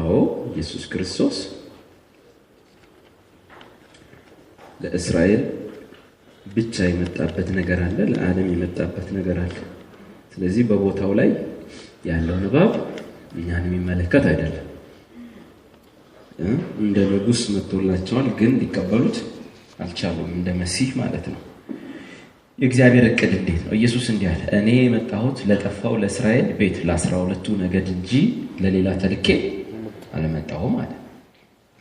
አዎ ኢየሱስ ክርስቶስ ለእስራኤል ብቻ የመጣበት ነገር አለ፣ ለዓለም የመጣበት ነገር አለ። ስለዚህ በቦታው ላይ ያለው ንባብ እኛን የሚመለከት አይደለም። እንደ ንጉስ መጥቶላቸዋል፣ ግን ሊቀበሉት አልቻሉም። እንደ መሲህ ማለት ነው። የእግዚአብሔር እቅድ እንዴት ነው? ኢየሱስ እንዲህ አለ፣ እኔ የመጣሁት ለጠፋው ለእስራኤል ቤት ለአስራ ሁለቱ ነገድ እንጂ ለሌላ ተልኬ የመጣው ማለት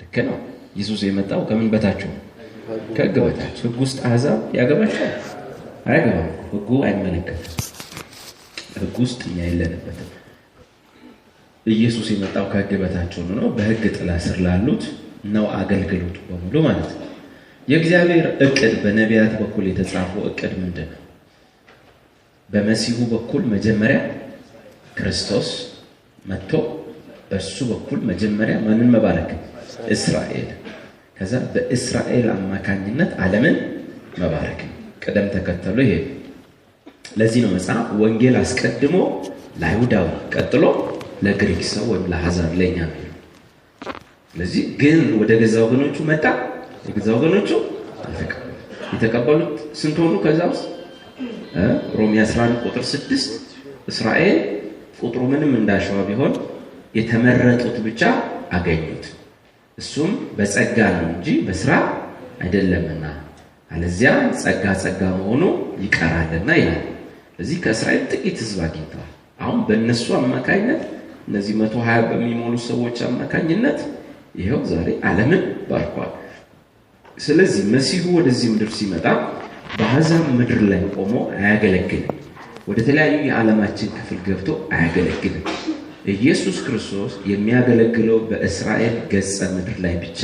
ልክ ነው። ኢየሱስ የመጣው ከምን በታቸው ከህግ በታች። ህግ ውስጥ አሕዛብ ያገባቸዋል? አይገባም ህጉ አይመለከትም። ህግ ውስጥ እኛ የለንበትም። ኢየሱስ የመጣው ከህግ በታቸው ሆኖ ነው። በህግ ጥላ ስር ላሉት ነው አገልግሎቱ በሙሉ ማለት ነው። የእግዚአብሔር እቅድ በነቢያት በኩል የተጻፉ እቅድ ምንድን ነው? በመሲሁ በኩል መጀመሪያ ክርስቶስ መጥቶ በእሱ በኩል መጀመሪያ ማንን መባረክ? እስራኤል። ከዛ በእስራኤል አማካኝነት አለምን መባረክ ነው። ቅደም ተከተሉ ይሄ። ለዚህ ነው መጽሐፍ ወንጌል አስቀድሞ ለአይሁዳዊ፣ ቀጥሎ ለግሪክ ሰው ወይም ለአሕዛብ ለኛ ስለዚህ ግን ወደ ገዛ ወገኖቹ መጣ፣ የገዛ ወገኖቹ የተቀበሉት ስንት ሆኑ? ከዛ ውስጥ ሮሜ 11 ቁጥር 6 እስራኤል ቁጥሩ ምንም እንዳሸዋ ቢሆን የተመረጡት ብቻ አገኙት። እሱም በጸጋ ነው እንጂ በስራ አይደለምና አለዚያ ጸጋ ጸጋ መሆኑ ይቀራልና ይላል። እዚህ ከእስራኤል ጥቂት ህዝብ አግኝተዋል። አሁን በእነሱ አማካኝነት እነዚህ መቶ ሀያ በሚሞሉ ሰዎች አማካኝነት ይኸው ዛሬ ዓለምን ባርኳል። ስለዚህ መሲሁ ወደዚህ ምድር ሲመጣ በአሕዛብ ምድር ላይ ቆሞ አያገለግልም። ወደ ተለያዩ የዓለማችን ክፍል ገብቶ አያገለግልም። ኢየሱስ ክርስቶስ የሚያገለግለው በእስራኤል ገጸ ምድር ላይ ብቻ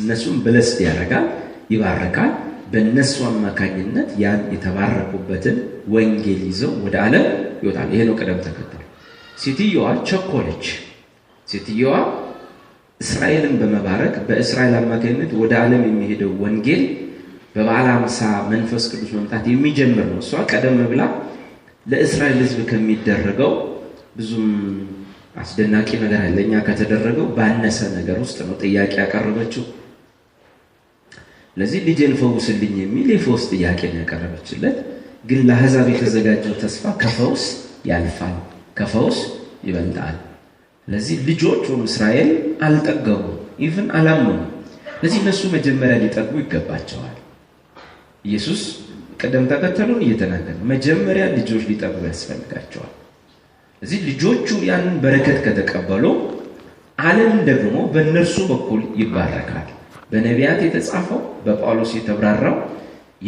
እነሱም ብለስ ያደርጋል፣ ይባርካል። በእነሱ አማካኝነት ያን የተባረኩበትን ወንጌል ይዘው ወደ ዓለም ይወጣል። ይሄ ነው ቀደም ተከተል። ሴትየዋ ቸኮለች። ሴትየዋ እስራኤልን በመባረክ በእስራኤል አማካኝነት ወደ ዓለም የሚሄደው ወንጌል በበዓለ አምሳ መንፈስ ቅዱስ መምጣት የሚጀምር ነው። እሷ ቀደም ብላ ለእስራኤል ህዝብ ከሚደረገው ብዙም አስደናቂ ነገር ለእኛ ከተደረገው ባነሰ ነገር ውስጥ ነው ጥያቄ ያቀረበችው። ለዚህ ልጄን ፈውስልኝ የሚል የፈውስ ጥያቄ ነው ያቀረበችለት። ግን ለአሕዛብ የተዘጋጀው ተስፋ ከፈውስ ያልፋል፣ ከፈውስ ይበልጣል። ለዚህ ልጆቹም እስራኤል አልጠገቡም፣ ኢቭን አላመኑ። ለዚህ እነሱ መጀመሪያ ሊጠግቡ ይገባቸዋል። ኢየሱስ ቅደም ተከተሉን እየተናገረ መጀመሪያ ልጆች ሊጠግቡ ያስፈልጋቸዋል። እዚህ ልጆቹ ያንን በረከት ከተቀበሉ ዓለም ደግሞ በእነርሱ በኩል ይባረካል። በነቢያት የተጻፈው በጳውሎስ የተብራራው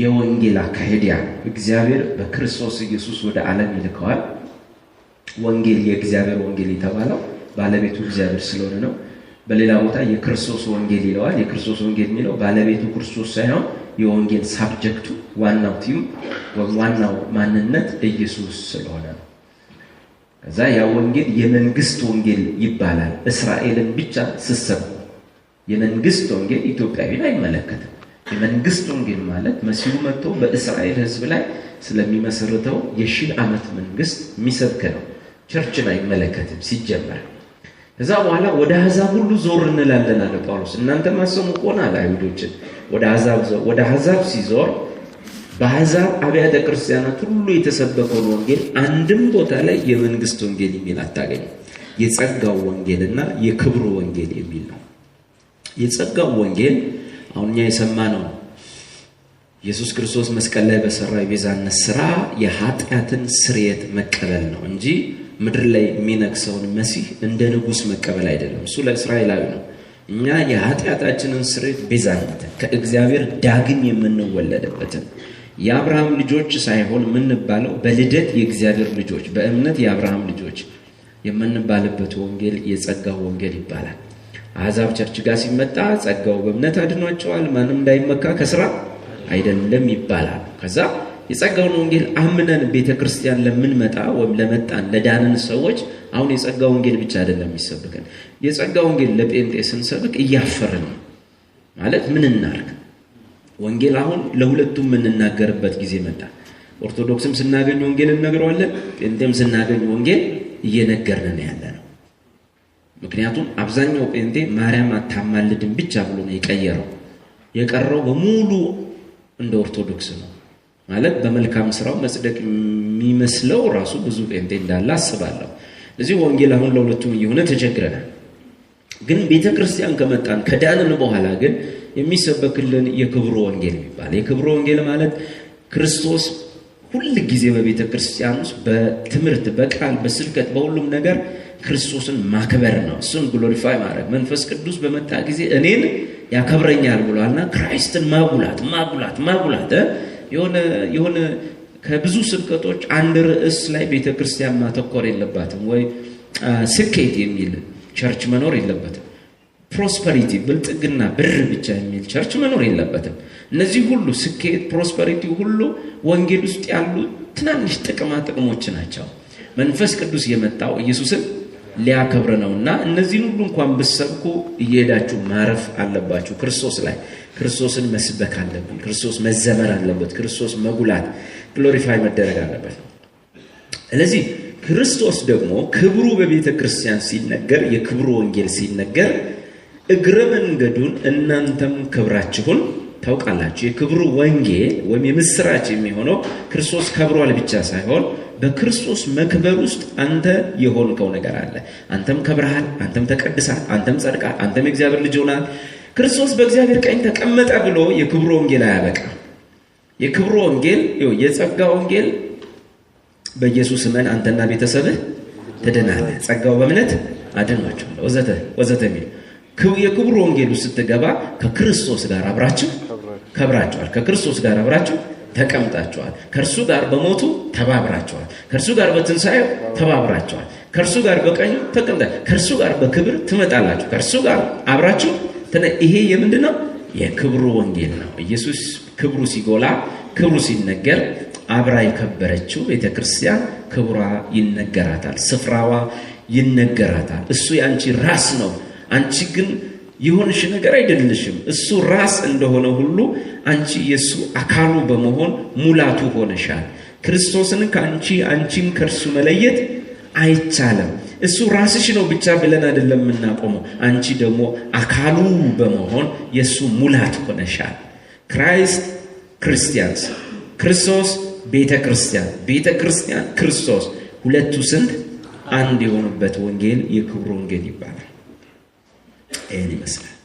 የወንጌል አካሄድ ያ እግዚአብሔር በክርስቶስ ኢየሱስ ወደ ዓለም ይልከዋል። ወንጌል የእግዚአብሔር ወንጌል የተባለው ባለቤቱ እግዚአብሔር ስለሆነ ነው። በሌላ ቦታ የክርስቶስ ወንጌል ይለዋል። የክርስቶስ ወንጌል የሚለው ባለቤቱ ክርስቶስ ሳይሆን የወንጌል ሳብጀክቱ ዋናው ቲም ዋናው ማንነት ኢየሱስ ስለሆነ ነው። ከዛ ያ ወንጌል የመንግስት ወንጌል ይባላል። እስራኤልን ብቻ ስሰብኩ የመንግስት ወንጌል ኢትዮጵያዊን አይመለከትም። የመንግስት ወንጌል ማለት መሲሁ መጥቶ በእስራኤል ህዝብ ላይ ስለሚመሰርተው የሺህ ዓመት መንግስት የሚሰብክ ነው። ቸርችን አይመለከትም ሲጀመር። ከዛ በኋላ ወደ አሕዛብ ሁሉ ዞር እንላለን አለ ጳውሎስ። እናንተ ማሰሙ ከሆነ አለ አይሁዶችን ወደ አሕዛብ ሲዞር በአሕዛብ አብያተ ክርስቲያናት ሁሉ የተሰበከውን ወንጌል አንድም ቦታ ላይ የመንግስት ወንጌል የሚል አታገኝም። የጸጋው ወንጌልና የክብሩ ወንጌል የሚል ነው። የጸጋው ወንጌል አሁን እኛ የሰማነው ኢየሱስ ክርስቶስ መስቀል ላይ በሰራ የቤዛነት ስራ የኃጢአትን ስርየት መቀበል ነው እንጂ ምድር ላይ የሚነግሰውን መሲህ እንደ ንጉሥ መቀበል አይደለም። እሱ ለእስራኤላዊ ነው። እኛ የኃጢአታችንን ስርየት ቤዛነትን ከእግዚአብሔር ዳግም የምንወለድበትን የአብርሃም ልጆች ሳይሆን የምንባለው በልደት የእግዚአብሔር ልጆች፣ በእምነት የአብርሃም ልጆች የምንባልበት ወንጌል የጸጋው ወንጌል ይባላል። አሕዛብ ቸርች ጋር ሲመጣ ጸጋው በእምነት አድኗቸዋል፣ ማንም እንዳይመካ ከስራ አይደለም ይባላል። ከዛ የጸጋውን ወንጌል አምነን ቤተ ክርስቲያን ለምንመጣ ወይም ለመጣን ለዳንን ሰዎች አሁን የጸጋ ወንጌል ብቻ አይደለም የሚሰብከን። የጸጋ ወንጌል ለጴንጤ ስንሰብክ እያፈርን ማለት ምን እናርግ ወንጌል አሁን ለሁለቱም የምንናገርበት ጊዜ መጣ። ኦርቶዶክስም ስናገኝ ወንጌል እንነግረዋለን፣ ጴንጤም ስናገኝ ወንጌል እየነገርን ያለ ነው። ምክንያቱም አብዛኛው ጴንጤ ማርያም አታማልድን ብቻ ብሎ ነው የቀየረው። የቀረው በሙሉ እንደ ኦርቶዶክስ ነው ማለት በመልካም ስራው መጽደቅ የሚመስለው ራሱ ብዙ ጴንጤ እንዳለ አስባለሁ። እዚህ ወንጌል አሁን ለሁለቱም እየሆነ ተቸግረናል። ግን ቤተ ክርስቲያን ከመጣን ከዳንን በኋላ ግን የሚሰበክልን የክብሩ ወንጌል የሚባል የክብሩ ወንጌል ማለት ክርስቶስ ሁል ጊዜ በቤተ ክርስቲያን ውስጥ በትምህርት፣ በቃል፣ በስብከት፣ በሁሉም ነገር ክርስቶስን ማክበር ነው። እሱን ግሎሪፋይ ማድረግ መንፈስ ቅዱስ በመጣ ጊዜ እኔን ያከብረኛል ብሏልና ክራይስትን ማጉላት ማጉላት ማጉላት የሆነ የሆነ ከብዙ ስብከቶች አንድ ርዕስ ላይ ቤተ ክርስቲያን ማተኮር የለባትም ወይ ስኬት የሚል ቸርች መኖር የለበትም። ፕሮስፐሪቲ ብልጥግና ብር ብቻ የሚል ቸርች መኖር የለበትም። እነዚህ ሁሉ ስኬት፣ ፕሮስፐሪቲ ሁሉ ወንጌል ውስጥ ያሉ ትናንሽ ጥቅማ ጥቅሞች ናቸው። መንፈስ ቅዱስ የመጣው ኢየሱስን ሊያከብር ነው እና እነዚህን ሁሉ እንኳን ብሰብኩ እየሄዳችሁ ማረፍ አለባችሁ ክርስቶስ ላይ። ክርስቶስን መስበክ አለብን። ክርስቶስ መዘመር አለበት። ክርስቶስ መጉላት ግሎሪፋይ መደረግ አለበት። ስለዚህ ክርስቶስ ደግሞ ክብሩ በቤተ ክርስቲያን ሲነገር፣ የክብሩ ወንጌል ሲነገር እግረ መንገዱን እናንተም ክብራችሁን ታውቃላችሁ። የክብሩ ወንጌል ወይም የምስራች የሚሆነው ክርስቶስ ከብሯል ብቻ ሳይሆን በክርስቶስ መክበር ውስጥ አንተ የሆንከው ነገር አለ። አንተም ከብርሃል፣ አንተም ተቀድሳል፣ አንተም ጸድቃል፣ አንተም የእግዚአብሔር ልጅ ሆናል። ክርስቶስ በእግዚአብሔር ቀኝ ተቀመጠ ብሎ የክብሩ ወንጌል አያበቃ። የክብሩ ወንጌል የጸጋ ወንጌል በኢየሱስ እመን አንተና ቤተሰብህ ትድናለህ፣ ጸጋው በእምነት አድኗቸው ወዘተ ወዘተ የሚል የክብሩ ወንጌሉ ስትገባ ከክርስቶስ ጋር አብራችሁ ከብራችኋል። ከክርስቶስ ጋር አብራችሁ ተቀምጣችኋል። ከእርሱ ጋር በሞቱ ተባብራችኋል። ከእርሱ ጋር በትንሣኤው ተባብራችኋል። ከእርሱ ጋር በቀኙ ተቀምጣ ከእርሱ ጋር በክብር ትመጣላችሁ። ከእርሱ ጋር አብራችሁ ይሄ የምንድን ነው? የክብሩ ወንጌል ነው። ኢየሱስ ክብሩ ሲጎላ፣ ክብሩ ሲነገር አብራ የከበረችው ቤተ ክርስቲያን ክብሯ ይነገራታል፣ ስፍራዋ ይነገራታል። እሱ የአንቺ ራስ ነው አንቺ ግን የሆንሽ ነገር አይደለሽም እሱ ራስ እንደሆነ ሁሉ አንቺ የእሱ አካሉ በመሆን ሙላቱ ሆነሻል ክርስቶስን ከአንቺ አንቺም ከእርሱ መለየት አይቻለም እሱ ራስሽ ነው ብቻ ብለን አይደለም የምናቆመው አንቺ ደግሞ አካሉ በመሆን የእሱ ሙላት ሆነሻል ክራይስት ክርስቲያንስ ክርስቶስ ቤተ ክርስቲያን ቤተ ክርስቲያን ክርስቶስ ሁለቱ ስንት አንድ የሆኑበት ወንጌል የክብር ወንጌል ይባላል mistake.